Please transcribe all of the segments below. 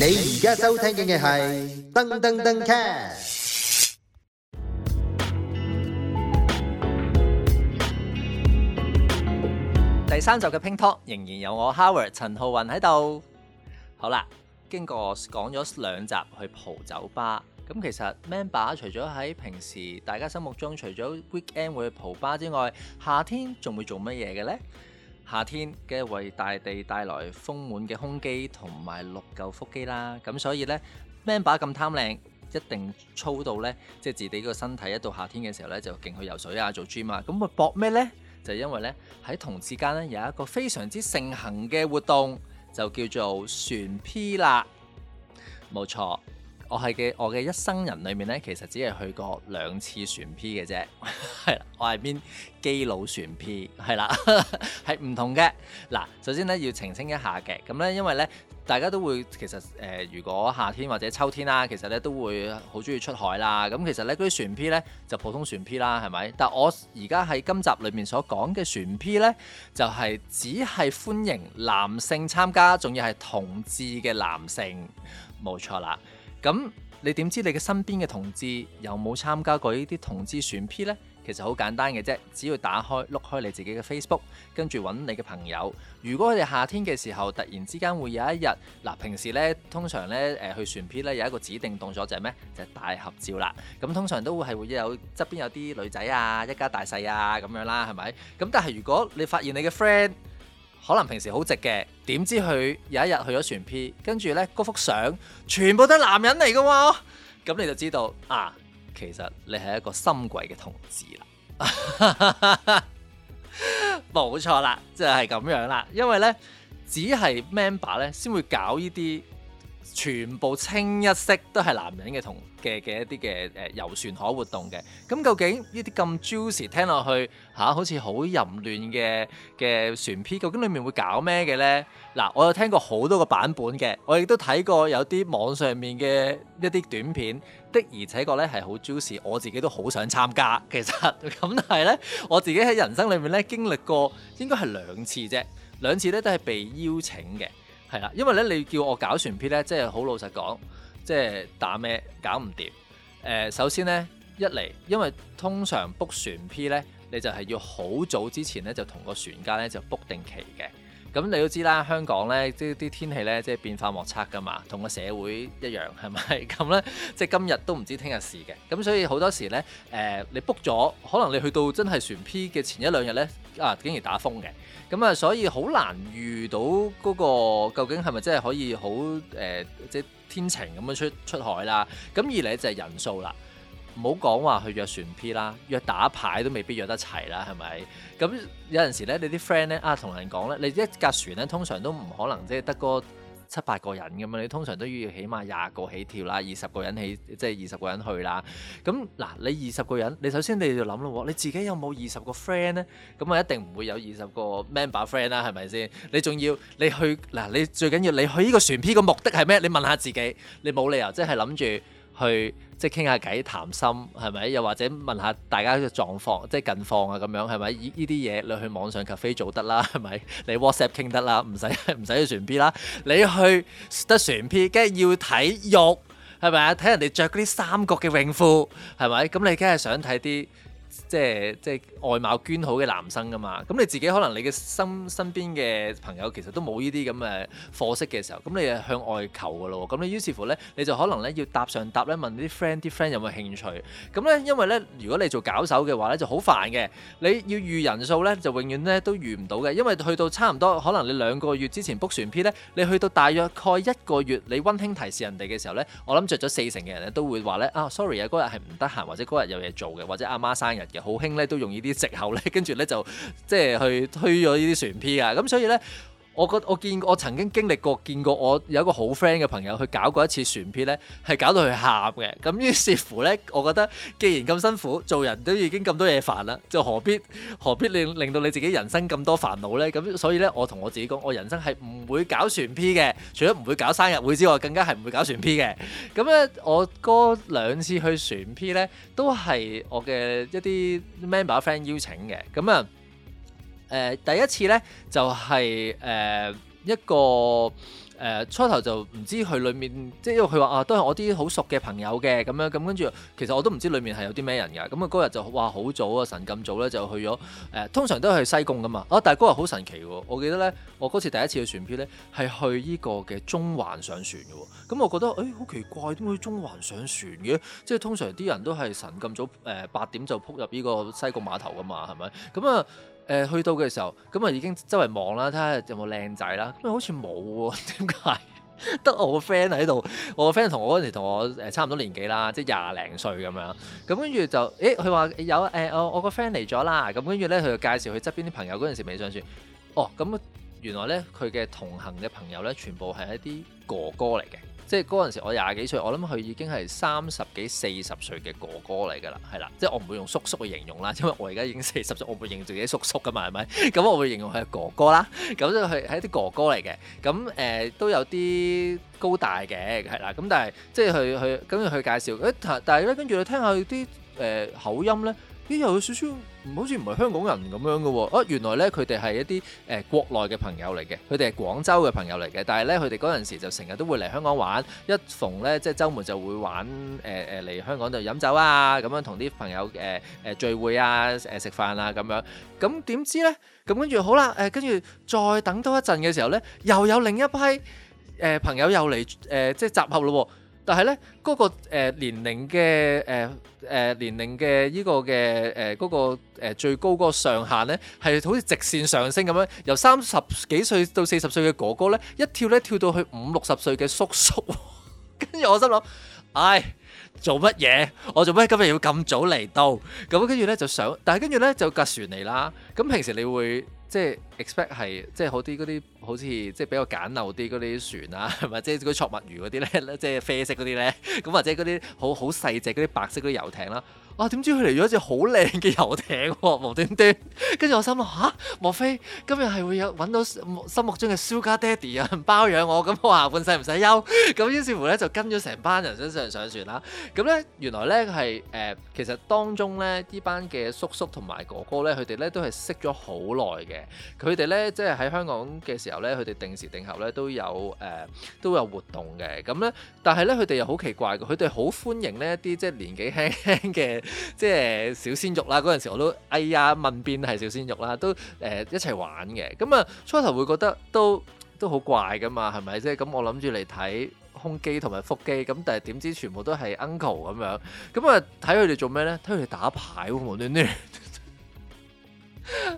你而家收聽嘅係噔噔噔 cast。第三集嘅 Pink Talk 仍然有我 Howard 陳浩雲喺度。好啦，經過講咗兩集去蒲酒吧，咁其實 Member 除咗喺平時大家心目中，除咗 weekend 會去蒲吧之外，夏天仲會做乜嘢嘅呢？夏天嘅為大地帶來豐滿嘅胸肌同埋六嚿腹肌啦，咁所以呢，m a n 把咁貪靚一定操到呢，即係自己個身體一到夏天嘅時候呢，就勁去游水啊，做 gym 啊，咁咪搏咩呢？就係因為呢，喺同事間呢，有一個非常之盛行嘅活動，就叫做船 P 啦，冇錯。我係嘅，我嘅一生人裏面咧，其實只係去過兩次船 P 嘅啫。係 啦是的，我係邊基佬船 P 係啦，係唔同嘅。嗱，首先咧要澄清一下嘅咁咧，因為咧大家都會其實誒、呃，如果夏天或者秋天啦、啊，其實咧都會好鍾意出海啦。咁其實咧嗰啲船 P 咧就普通船 P 啦，係咪？但我而家喺今集裏面所講嘅船 P 咧，就係、是、只係歡迎男性參加，仲要係同志嘅男性，冇錯啦。咁你點知你嘅身邊嘅同志有冇參加過呢啲同志船 P 呢？其實好簡單嘅啫，只要打開碌開你自己嘅 Facebook，跟住揾你嘅朋友。如果佢哋夏天嘅時候突然之間會有一日，嗱，平時呢，通常呢，誒去船 P 呢，有一個指定動作就係咩？就係、是、大合照啦。咁通常都會係會有側邊有啲女仔啊，一家大細啊咁樣啦、啊，係咪？咁但係如果你發現你嘅 friend，可能平時好直嘅，點知佢有一日去咗船 P，跟住呢，嗰幅相全部都係男人嚟嘅喎，咁你就知道啊，其實你係一個深櫃嘅同志啦，冇 錯啦，就係、是、咁樣啦，因為呢，只係 member 呢，先會搞呢啲。全部清一色都係男人嘅同嘅嘅一啲嘅誒遊船河活動嘅，咁究竟呢啲咁 juicy 聽落去嚇、啊、好似好淫亂嘅嘅船 P，究竟裡面會搞咩嘅呢？嗱，我有聽過好多個版本嘅，我亦都睇過有啲網上面嘅一啲短片，的而且確咧係好 juicy，我自己都好想參加。其實咁但係呢，我自己喺人生裡面呢，經歷過應該係兩次啫，兩次呢都係被邀請嘅。係啦，因為咧你叫我搞船票咧，即係好老實講，即係打咩搞唔掂。誒、呃，首先咧一嚟，因為通常 book 船票咧，你就係要好早之前咧就同個船家咧就 book 定期嘅。咁你都知啦，香港咧，即啲天氣咧，即係變化莫測噶嘛，同個社會一樣，係咪？咁 咧，即係今日都唔知聽日事嘅。咁所以好多時咧，誒、呃，你 book 咗，可能你去到真係船 P 嘅前一兩日咧，啊，竟然打風嘅。咁啊，所以好難遇到嗰個究竟係咪真係可以好誒、呃，即係天晴咁樣出出海啦。咁二嚟就係人數啦。唔好講話去約船 P 啦，約打牌都未必約得齊啦，係咪？咁有陣時咧，你啲 friend 咧啊，同人講咧，你一架船咧，通常都唔可能即係得個七八個人咁啊，你通常都要起碼廿個起跳啦，二十個人起，即係二十個人去啦。咁嗱，你二十個人，你首先你要諗咯，你自己有冇二十個 friend 咧？咁啊，一定唔會有二十個 member friend 啦，係咪先？你仲要你去嗱，啊，你最緊要你去呢個船 P 嘅目的係咩？你問下自己，你冇理由即係諗住。去即係傾下偈談心係咪？又或者問下大家嘅狀況，即係近況啊咁樣係咪？呢啲嘢你去網上 cafe 做得啦，係咪？你 WhatsApp 傾得啦，唔使唔使去船 P 啦。你去得船 P，梗係要睇肉係咪啊？睇人哋着啲三角嘅泳褲係咪？咁你梗係想睇啲。即係即係外貌捐好嘅男生噶嘛，咁你自己可能你嘅身身邊嘅朋友其實都冇呢啲咁嘅貨色嘅時候，咁你向外求噶咯，咁你於是乎咧，你就可能咧要搭上搭咧問啲 friend 啲 friend 有冇興趣，咁咧因為咧如果你做搞手嘅話咧就好煩嘅，你要預人數咧就永遠咧都預唔到嘅，因為去到差唔多可能你兩個月之前 book 船 P 咧，你去到大約蓋一個月你溫馨提示人哋嘅時候咧，我諗着咗四成嘅人咧都會話咧啊 sorry 啊嗰日係唔得閒或者嗰日有嘢做嘅，或者阿媽，媽生。日好興咧，都用呢啲直喉咧，跟住咧就即係去推咗呢啲船 P 啊，咁所以咧。 我覺我見過我曾經經歷過見過我有一個好 friend 嘅朋友，朋友去搞過一次船 P 咧，係搞到佢喊嘅。咁於是乎咧，我覺得既然咁辛苦，做人都已經咁多嘢煩啦，就何必何必令令到你自己人生咁多煩惱咧？咁所以咧，我同我自己講，我人生係唔會搞船 P 嘅，除咗唔會搞生日會之外，更加係唔會搞船 P 嘅。咁咧，我嗰兩次去船 P 咧，都係我嘅一啲 member friend 邀請嘅。咁啊～誒、呃、第一次呢，就係、是、誒、呃、一個誒初、呃、頭就唔知佢裏面，即係因為佢話啊，都係我啲好熟嘅朋友嘅咁樣咁，跟住其實我都唔知裏面係有啲咩人噶。咁啊嗰日就話好早啊，神咁早呢就去咗誒、呃，通常都係西貢噶嘛。哦、啊，但係嗰日好神奇喎，我記得呢，我嗰次第一次去船票呢，係去呢個嘅中環上船嘅。咁、嗯、我覺得誒、哎、好奇怪，點解去中環上船嘅？即係通常啲人都係神咁早誒、呃、八點就撲入呢個西貢碼頭噶嘛，係咪咁啊？嗯嗯嗯嗯誒去到嘅時候，咁啊已經周圍望啦，睇下有冇靚仔啦，咁啊好似冇喎，點解？得 我個 friend 喺度，我個 friend 同我嗰陣時同我誒差唔多年紀啦，即係廿零歲咁樣，咁跟住就，誒佢話有誒、呃、我我個 friend 嚟咗啦，咁跟住咧佢就介紹佢側邊啲朋友嗰陣時未上船，哦，咁原來咧佢嘅同行嘅朋友咧全部係一啲哥哥嚟嘅。即係嗰陣時，我廿幾歲，我諗佢已經係三十幾、四十歲嘅哥哥嚟㗎啦，係啦。即係我唔會用叔叔去形容啦，因為我而家已經四十歲，我唔會形容自己叔叔㗎嘛，係咪？咁 我會形容佢係哥哥啦。咁都係係一啲哥哥嚟嘅。咁、呃、誒都有啲高大嘅，係啦。咁、嗯、但係即係佢佢跟住佢介紹，誒、欸、但係咧跟住你聽下佢啲誒口音咧。咦，又有少少唔好似唔係香港人咁樣嘅喎、哦啊，原來咧佢哋係一啲誒、呃、國內嘅朋友嚟嘅，佢哋係廣州嘅朋友嚟嘅，但係咧佢哋嗰陣時就成日都會嚟香港玩，一逢咧即係週末就會玩誒誒嚟香港度飲酒啊，咁樣同啲朋友誒誒、呃呃、聚會啊，誒食飯啊咁樣，咁、嗯、點知咧咁跟住好啦，誒、呃、跟住再等多一陣嘅時候咧，又有另一批誒、呃、朋友又嚟誒、呃、即係集合嘞喎、哦。但係咧，嗰個誒年齡嘅誒誒年齡嘅依個嘅誒嗰個誒最高嗰個上限咧，係好似直線上升咁樣，由三十幾歲到四十歲嘅哥哥咧，一跳咧跳到去五六十歲嘅叔叔。跟 住我心諗，唉，做乜嘢？我做咩今日要咁早嚟到？咁跟住咧就想，但係跟住咧就隔船嚟啦。咁平時你會即係。expect 係即係好啲嗰啲好似即係比較簡陋啲嗰啲船啊，或者即係嗰啲寵物魚嗰啲咧，即係啡色嗰啲咧，咁或者嗰啲好好細隻嗰啲白色嗰啲遊艇啦、啊。啊，點知佢嚟咗隻好靚嘅遊艇、啊，無端端。跟住我心諗吓、啊，莫非今日係會有揾到心目中嘅 Sugar Daddy 有人包養我？咁我下半世唔使憂。咁於是乎咧就跟咗成班人身上上船啦、啊。咁咧原來咧係誒，其實當中咧呢班嘅叔叔同埋哥哥咧，佢哋咧都係識咗好耐嘅。佢哋咧，即係喺香港嘅時候咧，佢哋定時定候咧都有誒，都有活動嘅。咁咧，但係咧，佢哋又好奇怪嘅。佢哋好歡迎咧一啲即係年紀輕輕嘅即係小鮮肉啦。嗰陣時我都哎呀問邊係小鮮肉啦，都誒一齊玩嘅。咁啊，初頭會覺得都都好怪噶嘛，係咪？即係咁我諗住嚟睇胸肌同埋腹肌，咁但係點知全部都係 uncle 咁樣。咁啊，睇佢哋做咩咧？睇佢哋打牌喎，亂亂。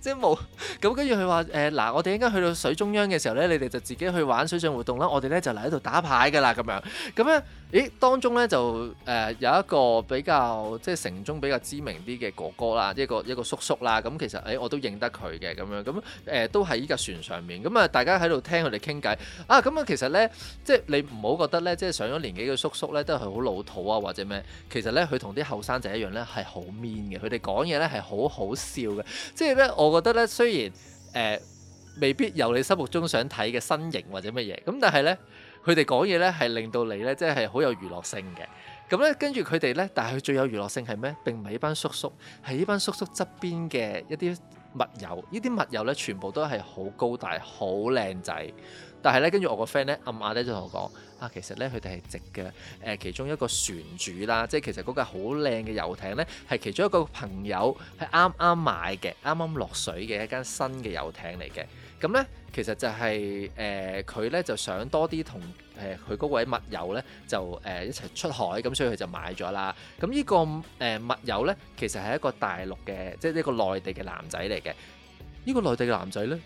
即係冇咁，跟住佢話誒嗱，我哋一陣去到水中央嘅時候咧，你哋就自己去玩水上活動啦，我哋咧就嚟喺度打牌㗎啦咁樣。咁咧，咦？當中咧就誒、呃、有一個比較即係城中比較知名啲嘅哥哥啦，一個一個叔叔啦。咁、嗯、其實誒、哎、我都認得佢嘅咁樣。咁、嗯、誒、呃、都喺依架船上面。咁啊，大家喺度聽佢哋傾偈啊。咁啊，其實咧即係你唔好覺得咧，即係上咗年紀嘅叔叔咧都係好老土啊，或者咩？其實咧佢同啲後生仔一樣咧係好 mean 嘅。佢哋講嘢咧係好好笑嘅。即係咧我。覺得咧，雖然誒、呃、未必由你心目中想睇嘅身形或者乜嘢，咁但係咧，佢哋講嘢咧係令到你咧，即係好有娛樂性嘅。咁、嗯、咧，跟住佢哋咧，但係佢最有娛樂性係咩？並唔係呢班叔叔，係呢班叔叔側邊嘅一啲。物油，物油呢啲物油咧，全部都係好高大、好靚仔，但係呢，跟住我個 friend 呢，暗眼呢就同我講：啊，其實呢，佢哋係值嘅。誒、呃，其中一個船主啦，即係其實嗰架好靚嘅遊艇呢，係其中一個朋友係啱啱買嘅、啱啱落水嘅一間新嘅遊艇嚟嘅。咁咧，其實就係誒佢咧就想多啲同誒佢嗰位密友咧就誒一齊出海，咁所以佢就買咗啦。咁呢個誒密友咧，其實係一個大陸嘅，即係一個內地嘅男仔嚟嘅。呢個內地嘅男仔咧，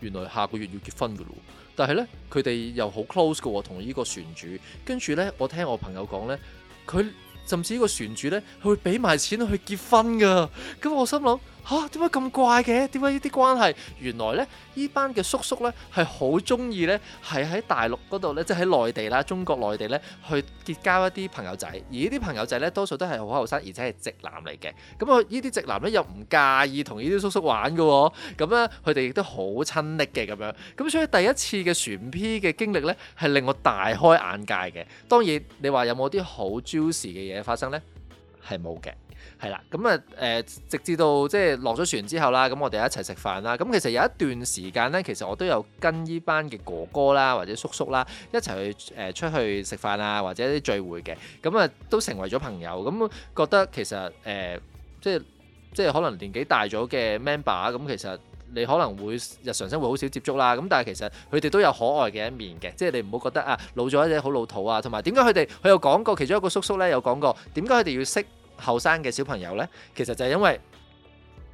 原來下個月要結婚噶咯。但係咧，佢哋又好 close 噶，同呢個船主。跟住咧，我聽我朋友講咧，佢甚至呢個船主咧，佢會俾埋錢去結婚噶。咁我心諗。嚇點解咁怪嘅？點解呢啲關係？原來咧，呢班嘅叔叔呢，係好鍾意呢，係喺大陸嗰度咧，即係喺內地啦，中國內地呢，去結交一啲朋友仔。而呢啲朋友仔呢，多數都係好後生，而且係直男嚟嘅。咁啊，呢啲直男呢，又唔介意同呢啲叔叔玩嘅喎、哦。咁咧，佢哋亦都好親昵嘅咁樣。咁所以第一次嘅船 P 嘅經歷呢，係令我大開眼界嘅。當然，你話有冇啲好 juicy 嘅嘢發生呢？係冇嘅，係啦，咁啊誒，直至到即係落咗船之後啦，咁我哋一齊食飯啦，咁其實有一段時間咧，其實我都有跟呢班嘅哥哥啦，或者叔叔啦，一齊去誒出去食飯啊，或者啲聚會嘅，咁啊都成為咗朋友，咁覺得其實誒、呃、即係即係可能年紀大咗嘅 member 咁其實。你可能會日常生活好少接觸啦，咁但係其實佢哋都有可愛嘅一面嘅，即係你唔好覺得啊老咗或者好老土啊。同埋點解佢哋佢有講過，其中一個叔叔呢，有講過點解佢哋要識後生嘅小朋友呢？其實就係因為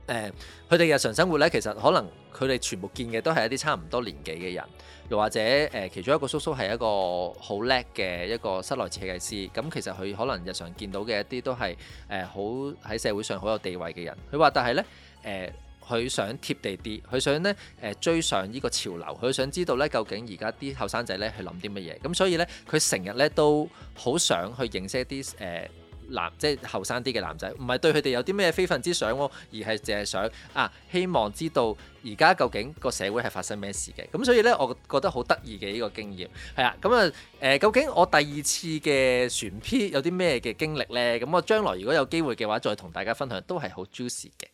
誒佢哋日常生活呢，其實可能佢哋全部見嘅都係一啲差唔多年紀嘅人，又或者誒、呃、其中一個叔叔係一個好叻嘅一個室內設計師。咁、嗯、其實佢可能日常見到嘅一啲都係誒好喺社會上好有地位嘅人。佢話但係呢，呃，誒。佢想貼地啲，佢想呢誒、呃、追上呢個潮流，佢想知道呢，究竟而家啲後生仔呢係諗啲乜嘢，咁所以呢，佢成日呢都好想去認識一啲誒、呃、男，即係後生啲嘅男仔，唔係對佢哋有啲咩非分之想喎、哦，而係淨係想啊希望知道而家究竟個社會係發生咩事嘅，咁所以呢，我覺得好得意嘅呢個經驗係啊，咁啊誒究竟我第二次嘅船 P 有啲咩嘅經歷呢？咁、嗯、我將來如果有機會嘅話，再同大家分享都係好 juicy 嘅。